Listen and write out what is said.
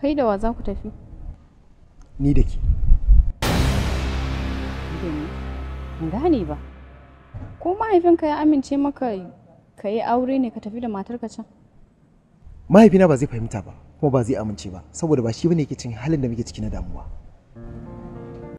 Kai da wa za ku tafi? Ni da ke. Gane ba. Ko mahaifinka ya amince maka ka yi aure ne ka tafi da matarka can? Mahaifina ba zai fahimta ba kuma ba zai amince ba saboda ba shi bane yake cin halin da muke ciki na damuwa.